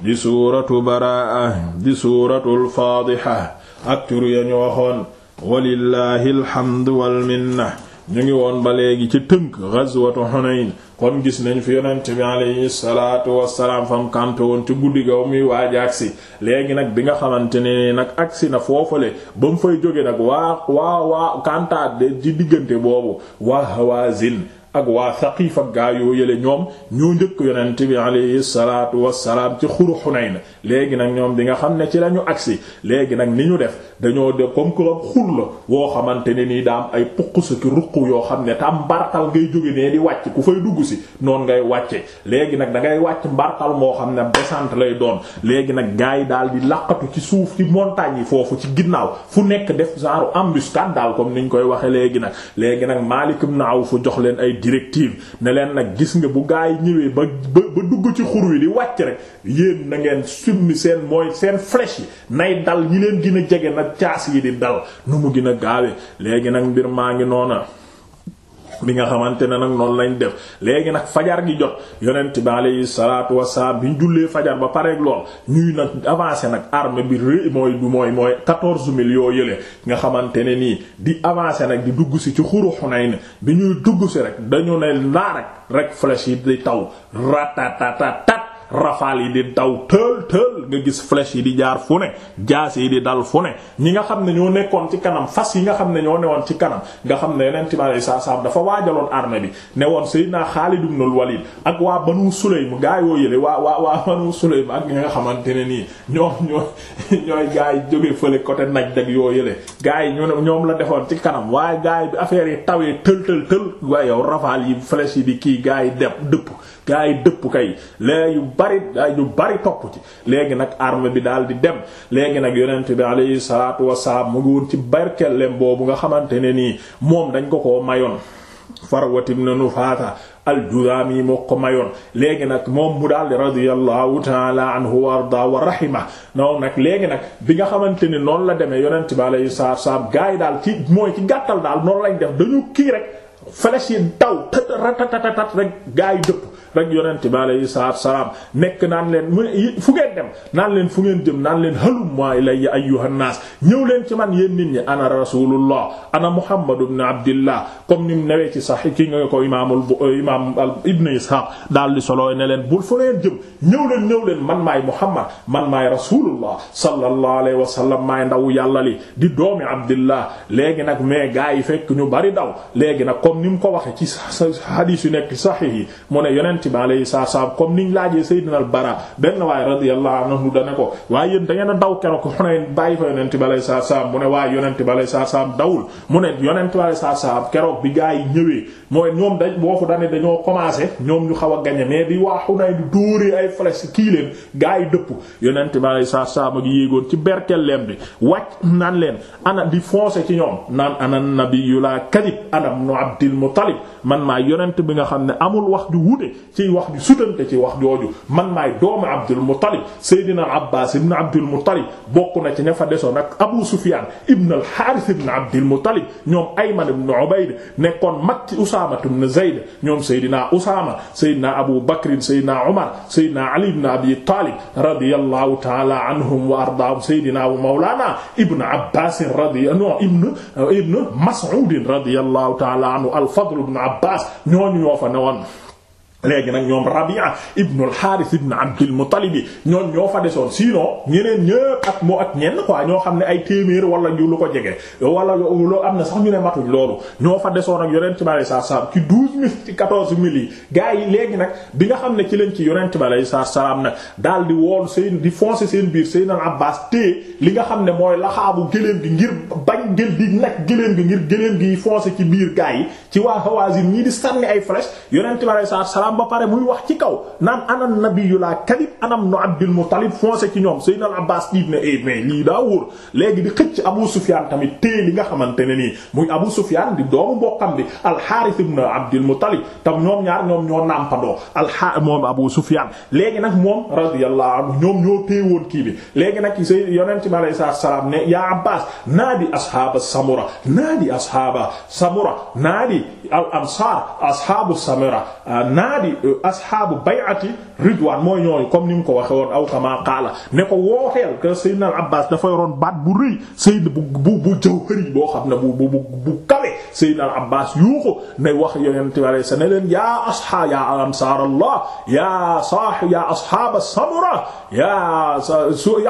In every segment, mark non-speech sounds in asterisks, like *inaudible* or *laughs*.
di suuratu baraa di suuratul faadiha ak tur ya ñu waxoon walillahi alhamdu walminna ñu ngi woon ba léegi ci tënk ghazwatu Hunayn kon gis nañ fi yonent bi alayhi wassalaam fam kante woon ci guddi gaw muy waaj agsi léegi nag bi nga xamante ne nag agsi na foofale ba mu fay jóge nag waa waa waa kantaat de ci diggante boobu waa Hawazin ak waa Saqiif ak gaa yoo yële ñoom ñu njëkk yonent bi alayhi salaatu wassalaam ci xuru Xunayn léegi nag ñoom bi nga xam ne ci lañu agsi léegi nag ni ñu def dañoo de comme que xul la woo xamante ne nii daa am ay puq sa ki ruq yoo xam ne te am mbartal ngay jóge nee di wàcc ku fay dugg si noonu ngay wàcce léegi nag da ngay wàcc mbartal moo xam ne descente lay doon léegi nag gars yi daal di laqatu ci suuf ci montagnes yi foofu ci ginnaaw fu nekk def genre embuscade daal comme niñ koy waxe léegi nag léegi nag Maalik ibn Awf jox leen ay directive ne leen nag gis nga bu gars yi ñëwee ba ba dugg ci xur wi wàcc rek yéen na ngeen summi seen mooy seen flèche yi jege nag nag caas yi di dal nu mu gën a léegi nag mbir maa ngi noona bi nga xamante ne nag noonu lañ def léegi nag fajar gi jot yonent bi alayhi salaatu wasalaam bi ñu jullee fajar ba pareeg lool ñuy nag avancer nag armée bi ré mooy du mooy mooy quatorze mille yoo yële nga xamante ne nii di avancer nag di dugg si ci xuru Xunayn bi ñuy dugg si rek dañu ne laa rek rek flèche yi di taw ratatatat rafaal yi di daw tël tël nga gis flèche yi di jaar fu ne jaas yi di dal fu ne ñi nga xam ne ñoo nekkoon ci kanam fas yi nga xam ne ñoo newoon ci kanam nga xam ne yeneen timare saa saam dafa waajaloon armée bi ne woon Seydina Xaalid ibn Walid ak waa Banu Sulaym gaa yoo yële waa waa waa Banu Sulaym nga xamante ne nii ñoom ñoo ñooy gaa yi jóge fële côté Najd ak yoo yële gaa yi ñoom la defoon ci kanam waaye gaa yi bi affaire yi tawee tël tël tël waaye yow rafaal yi flèche yi di kii gaa yi dep dëpp gaa yi dëpp kay bari ñu bari topp ci léegi nag armée bi daal di dem léegi nag yonent bi alayhi salaatu wasalaam mu ngi woon ci barkelleem boobu nga xamante ne nii moom dañ ko koo mayoon farwatim na nu faata aljudaam yi moo ko mayoon léegi nag moom mu daal di radiyallahu taala anhu wa arda wa rahima noonu nag léegi nag bi nga xamante ni noonu la demee yonent bi alayhi salaatu wasalaam gaa yi daal ci mooy ci gàttal daal noonu lañ def dañu kii rek flèche yi daw tët ratatatatat rek gaa yi dëpp rek yonent bi alayhi salaatu salaam nekk naan leen mu fu ngeen dem naan leen fu ngeen jëm naan leen halumma ilayya ayyuhan naas ñëw leen ci man yéen nit ñi ana rasulullah ana muhammad ibn abdillah comme ni mu newee ci sax ki nga ko imaamul euh, imaam ibn ishaq daal di solooy ne leen bul fu ngeen jëm ñëw leen ñëw leen man maay muhammad man maay rasulullah sallallahu alayhi wa sallam maay ndaw yàlla li di doomi abdillah léegi nag mais gaa yi fekk ñu bari daw comme ni mu ko waxee ci sa hadith yu nekk sahih yi mu ne yonent bi alayhi salaam comme niñ laajee Seydina al Bara benn waaye radiyallahu anhu dane ko waaye yéen da ngeen a daw keroog Hunayn bàyyi fa yonent bi alayhi salaam mu ne waaye yonent bi alayhi salaam dawul mu ne yonent bi alayhi salaam keroog bi gaa yi ñëwee mooy ñoom dañ boo fu dane dañoo commencé ñoom ñu xaw a gañe mais bi waa Hunayn di dóoree ay flèches kii leen gaa yi dëpp yonent bi alayhi salaam Abdil Muttalib man maay yonent bi nga xam ne amul wax ju wuute ci wax ju sutante ci wax jooju man maay doomu Abdul Muttalib Seydina Abbas ibn Abdul Muttalib bokk na ci ña fa desoon ak Abu Sufyan ibn al-Harith ibn Abdil Muttalib ñoom Ayman ibn Ubayd nekkoon mag ci Usaama ibn Zayd ñoom Seydina Usaama Seydina Abu Bakr Seydina Umar Seydina Ali ibn Abi Talib radiyallahu ta'ala anhum wa ardaahum Seydina wa mawlana ibn Abbas radiyallahu ibn Mas'ud radiyallahu ta'ala anhu al-Fadl ibn Abbas ñooñu ñoo fa newoon léegi nag ñoom Rabia ibnu al ibnu Abdul Muttalib ñoom ñoo fa desoon sinon ñeneen ñëpp ak moo ak ñenn quoi ñoo xam ne ay téeméer wala ñu lu ko jege wala loo am na sax ñu ne matuñ loolu ñoo fa desoon ak yonent bi alayhi salaam ci douze mille ci quatorze léegi nag bi nga xam ne ci lañ ci yonent bi alayhi salaam nag daal di woon seen di foncer seen biir seen Abbaas tée li nga xam ne mooy laxaabu gëléem gi ngir bañ gël di nag gëléem gi ngir gëléem gi foncer ci biir gaa yi ci waa Hawaazin ñii di sànni ay flèches yonent bi salaam ba pare muy wax ci kaw naan anan nabiyyu la kadib anam nu Abdul Muttalib foncé ci ñoom Seydina Abbas diit ne eh mais lii daa wóor léegi di xëcc Abu Sufyaan tamit téye li nga xamante ne nii muy Abu Sufyaan di doomu mbokkam bi Al-Harith ibn Abdul Muttalib tam ñoom ñaar ñoom ñoo nàmpandoo alxaar moom Abu Sufyaan léegi nag moom radiyallahu anhu ñoom ñoo téye woon kii bi léegi nag Seydina Yonent bi alayhi salaam ne yaa Abbas naadi ashaaba samura naadi ashaaba samura naadi al ansaar ashaabu samura ah, naadi ijtihaadi euh, ashaabu bay'ati ridwaan mooy ñooñu comme ni mu ko waxe woon aw kama qaala ne ko wooteel que Seydina al Abbas dafa yoroon baat bu rëy Seydina bu bu bu jawhari boo xam ne bu bu bu kawe Seydina al Abbas yuuxu ne wax yonent bi sa ne leen yaa ashaa yaa ansaar Allah yaa saahi yaa ashaaba samura yaa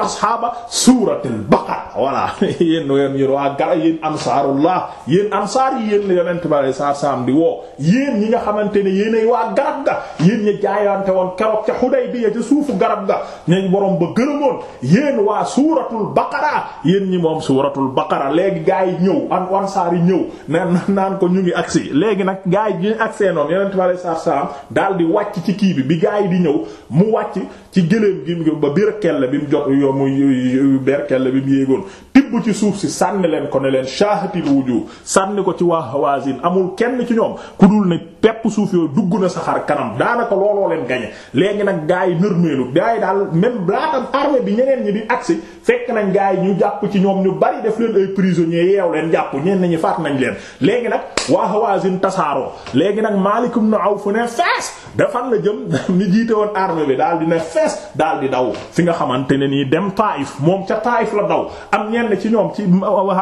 ashaaba suuratil baqara voilà *laughs* yéen yéen yéen waa gara yéen ansaarullah yéen ansaar yi yéen la yonent bi saa saam di woo yéen ñi nga xamante ne yéenay waa garab ga yéen ña jaayante woon keroog ca keroog ca Xudaybiya ca suufu garab ga ñeñ borom ba gërëmoon yéen waa suuratul baqara yéen ñi moom suuratul baqara léegi gaa yi ñëw an ansaar yi ñëw naan naan ko ñu ngi agsi léegi nag gaa yi ñu agsee noonu yonent bi alayhi salaam daal di wàcc ci kii bi bi gaa yi di ñëw mu wàcc ci gëléem gi ba biir birkelle bi mu jot yo mu berkelle bi mu yéegoon tibb ci suuf si sànni leen ko ne leen shaahatil wujuh sànni ko ci waa Hawazin amul kenn ci ñoom ku dul ne pepp suuf yooyu dugg na sa xar kanam daanaka looloo leen gañe léegi nag gaa yi nërmeelu gaa yi daal même laata armée bi ñeneen ñi di agsi fekk nañ gaa yi ñu jàpp ci ñoom ñu bari def leen ay prisonniers yeew leen jàpp ñenn ñi faat nañ leen léegi nag waa Hawazin tasaaroo léegi nag Malik ibn Awf ne fees dafan la jëm ni *laughs* jiite woon armée bi daal di ne fees daal di daw fi nga xamante ne nii dem Taif moom ca Taif la daw am ñenn ci ñoom ci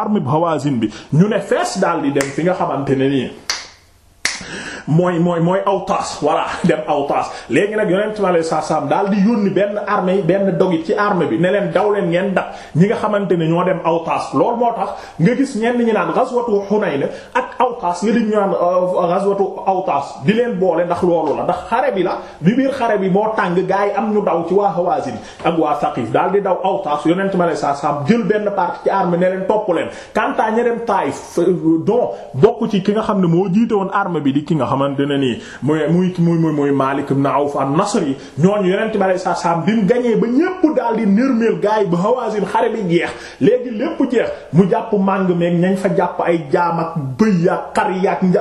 armée Hawazin bi ñu ne fees daal di dem fi nga xamante ne nii mooy mooy mooy Awtaas voilà *laughs* dem Awtaas léegi nag yonent mi alayhi salaam daal di yónni benn armée benn dogit ci armée bi ne leen daw leen ngeen dab ñi nga xamante ne ñoo dem Awtaas loolu moo tax nga gis ñenn ñi naan ghazwatu Hunayn ak Awtaas nga di ñu naan euh, ghazwatu Awtaas di leen boole ndax loolu la ndax xare bi la bi biir xare bi moo tàng gaa am ñu daw ci waa Hawazin ak waa daal di daw Awtaas yonent mi alayhi salaam jël benn partie ci armée ne leen topp leen quant à ña dem euh, bokk ci ki nga xam ne moo jiite woon armée bi di ki nga xam xamante ne nii muy muy muy muy Malik ibn Awf an-Nasri ñooñu yonent bi alayhi salaam bi mu gañee ba ñépp daal di nërmeel gaay ba Hawazin xare bi jeex léegi lépp jeex mu jàpp màng meeg ñañ fa jàpp ay jaam ak bëy yaak xar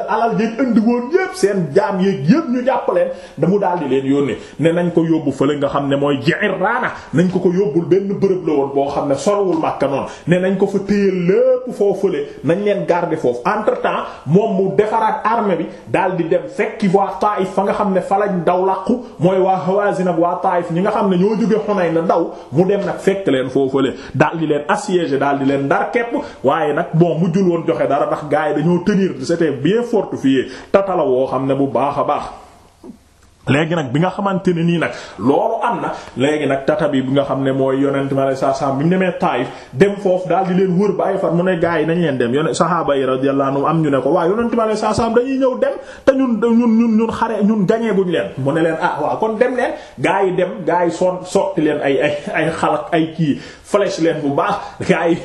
alal yéeg indi woon yépp seen jaam yéeg yépp ñu jàpp leen damu daal leen yónnee ne nañ ko yóbbu fële nga xam ne mooy Ji'irraana nañ ko ko yóbbul benn bërëb la woon boo xam ne sorowul Makka noonu ne nañ ko fa téye lépp foo fële nañ leen di dem fekki waa Taif fa nga xam ne fa lañ daw làqu mooy waa Hawazin ak waa Taif ñi nga xam ne ñoo jóge Hunayn na daw mu dem nag fekk leen foofale daal di leen assiégé daal di leen dar képp waaye nag bon mujjul woon joxe dara ndax gars yi dañoo tenir c'était bien fortifié tatala woo xam ne bu baax a baax léegi nag bi nga xamante ne nii nag loolu am na léegi nag tata bi bi nga xam ne mooy yonent ma lay saa saa bi mu demee Taayif dem leen wër bàyyi far ne gars yi nañ leen dem yone saxaaba yi radiyallahu anhum am ñu ne ma lay saa saa dañuy ñun ñun ñun ñun ñun gañee guñ leen mu ne leen ah kon dem leen gars yi dem gars yi son sotti leen ay ay ay ay kii flèche leen bu baax gars yi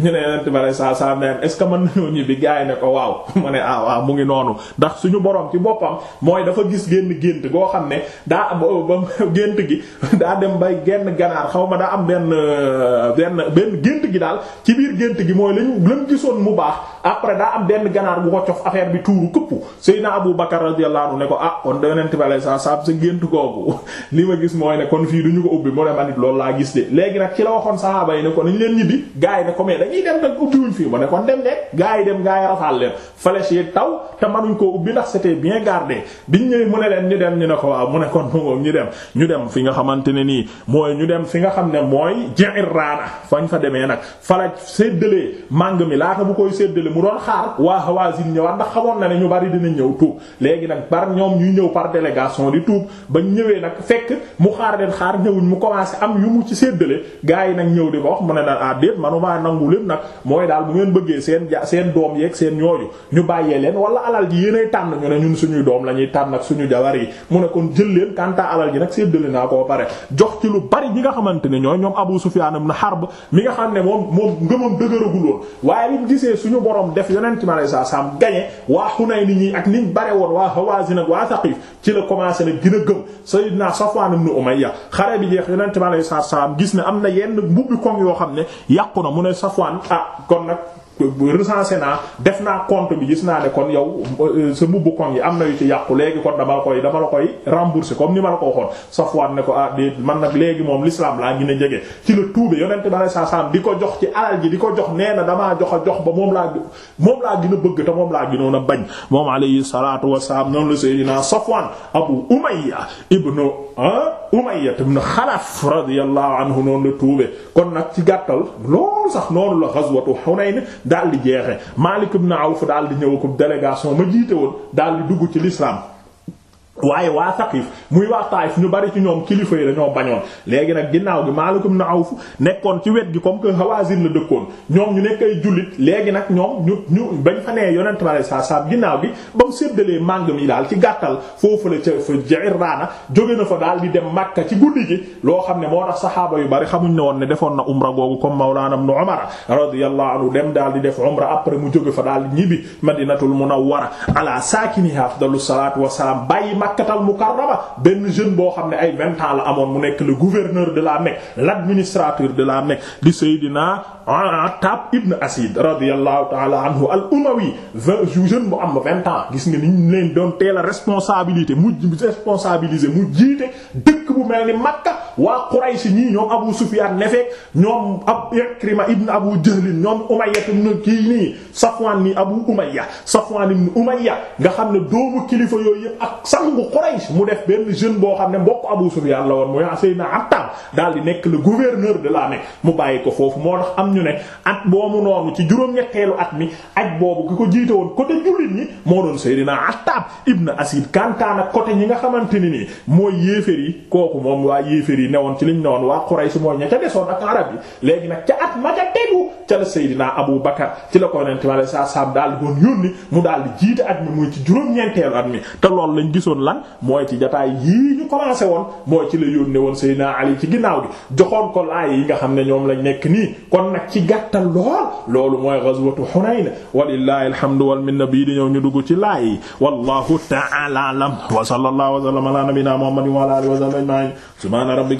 ñu ne yonent ma lay saa saa ne ce que mën nañoo ñibbi gars yi ne ko waaw *laughs* mu ne ah waaw mu ngi noonu ndax suñu boroom ci boppam mooy dafa gis génn gént gént goo xam ne daa ba gént gi daa dem bay genn ganaar xaw ma daa am benn euh, benn benn gént gi daal ci biir gént gi mooy lañu lañ gisoon mu baax après daa am benn ganaar bu ko cof affaire bi tuuru këpp Seydina Abu Bakar radiyallahu anhu ne ko ah kon yonent bi alayhi salaam sa gént googu *laughs* li ma gis mooy ne kon fii du ñu ko ubbi mu ne ma nit loolu laa gis de léegi nag ci la waxoon sahaaba yi ne ko nañ leen ñibbi gaay ne ko mais dañuy dem nag ubbiwuñ fii ma ne taw te mënuñ koo ubbi ndax c'était bien ne leen ñu ne ko waaw mu ne kon mu ñu dem ñu dem fi nga xamante ne nii mooy ñu dem fi nga xam ne mooy Ji'irraana fañ fa demee nag falaj séddalee màng mi laata bu koy séddale mu doon xaar waa waa Hawaazin ñëwaat ndax xamoon na ne ñu bari dina ñëw tuub léegi nag par ñoom ñuy ñëw par délégation di tuub ba ñëwee nag fekk mu xaar leen xaar ñëwuñ mu commencé am yu mu ci séddale gaa yi nag ñëw di ko wax mu ne la ah déet manumaa nangu lépp nag mooy daal bu ngeen seen ja seen seen ñooñu ñu bàyyee leen wala alal ji yéenay tànn ñu ne ñun suñuy doom la ñuy tànn ak suñu jawar yi mu ne kon jël leen kanta alal ji nag séddale naa ko pare jox ci lu bari ñi nga xamante ne ñooy ñoom Abu Sufyan ibn Harb mi nga xam ne moom moom ngëmam dëgëragul woon waaye bi gisee suñu borom def yonent mi alayhi salaam gañe waa Hunayn ni ñi ak niñ bare woon waa Hawazin ak waa Thaqif ci la commencé nag gën a gëm Sayyidina Safwan ibn Umayya xare bi jeex yonent mi alayhi salaam gis ne am na yenn mbubbi koŋ yoo xam ne yàqu na mu ne Safwan ah kon nag recensé naa def naa compte bi gis naa ne kon yow euh, sa mbubb kon yi am na yu ci yàqu léegi kon dama la koy dama la koy rembourser comme ni ma la ko waxoon Safwan ne ko ah déet man nag léegi moom l'islam laa gën a jege ci la tuube yonent bi sallallahu alayhi wasallam di ko jox ci alal ji di ko jox nee na damaa jox a jox ba moom laa moom laa gën a bëgg te moom laa gënoon a bañ moom alayhi salaatu wasalaam noonu la sayyidina Safwan Abu Umayya ibnu ah, Umayya ibn Xalaf radiyallahu anhu noonu la tuube kon nag ci gàttal lool sax noonu la ghazwatu Hunayn daal di jeexe Malik ibn Awf daal di ñëw ko délégation ma jiite woon daal di dugg ci l'islam waaye waa Saqif muy waa Taayif ñu bari ci ñoom kilifa yi dañoo bañoon léegi nag ginnaaw gi Maalik ibn Awf nekkoon ci wet gi comme que Hawaazin la dëkkoon ñoom ñu nekk ay jullit léegi nag ñoom ñu ñu bañ fa nee yonent ma saa saa ginnaaw gi ba mu séddalee màng mi daal ci gàttal foofu la ca fa Ji'raana jóge na fa daal di dem Makka ci guddi gi loo xam ne moo tax saxaaba yu bari xamuñ ne woon ne defoon na umra googu comme Mawlaana ibn Umar radiyallahu dem daal di def après mu jóge fa daal ñibbi Madinatul Munawwara ala saakinihaa afdalu Makkatal Mukarrama benn jeune boo xam ne ay vingt ans la amoon mu nekk le gouverneur de la Mecque l'administrateur de la Mecque di Seydina Attab ibn Asid radiyallahu ta'ala anhu al-Umawi jeune bu am vingt ans gis nga ni ñu leen doon teel responsabilité mu responsabiliser mu jiite dëkk bu mel ni Makka waa Quraysh ñii ñoom Abu Sufyaan nefeek ñoom ab Ikrima ibn Abu Jahl ñoom Umayya ibn kii nii Safwaan ni Abu Umayya Safwaan ibn Umayya nga xam ne doomu kilifa yooyu yëpp ak sangu Quraysh mu def benn jeune boo xam ne mbokk Abu Sufyaan la woon mooy Seydina Attaab daal di nekk le gouverneur de la Mecque mu bàyyi ko foofu moo tax am ñu ne at boobu noonu ci juróom-ñetteelu at mi aj boobu ki ko jiite woon côté jullit ñi moo doon Seydina Attaab ibn Asiid kantaan côté ñi nga xamante ni nii mooy yéeféer yi kooku moom waa yi yi newoon ci liñ newoon waa Quraysh mooy ña ca desoon ak arab yi léegi nag ca at ma ca tegu ca la Seydina Abu Bakar ci la ko yonent ma saa saam daal doon yónni mu daal di jiite at mi muy ci juróom-ñeenteelu at mi te loolu lañ gisoon lan mooy ci jotaay yii ñu commencé woon mooy ci la yónnee woon Seydina Ali ci ginnaaw gi joxoon ko laay yi nga xam ne ñoom lañ nekk nii kon nag ci gàttal lool loolu mooy ghazwatu Hunayn walillahi alhamdu wal minna bii di ñëw ñu dugg ci laay yi wallahu ta'ala wa sallallahu wa sallama ala nabiyyina muhammadin wa ala alihi wa sahbihi ajma'in subhana rabbika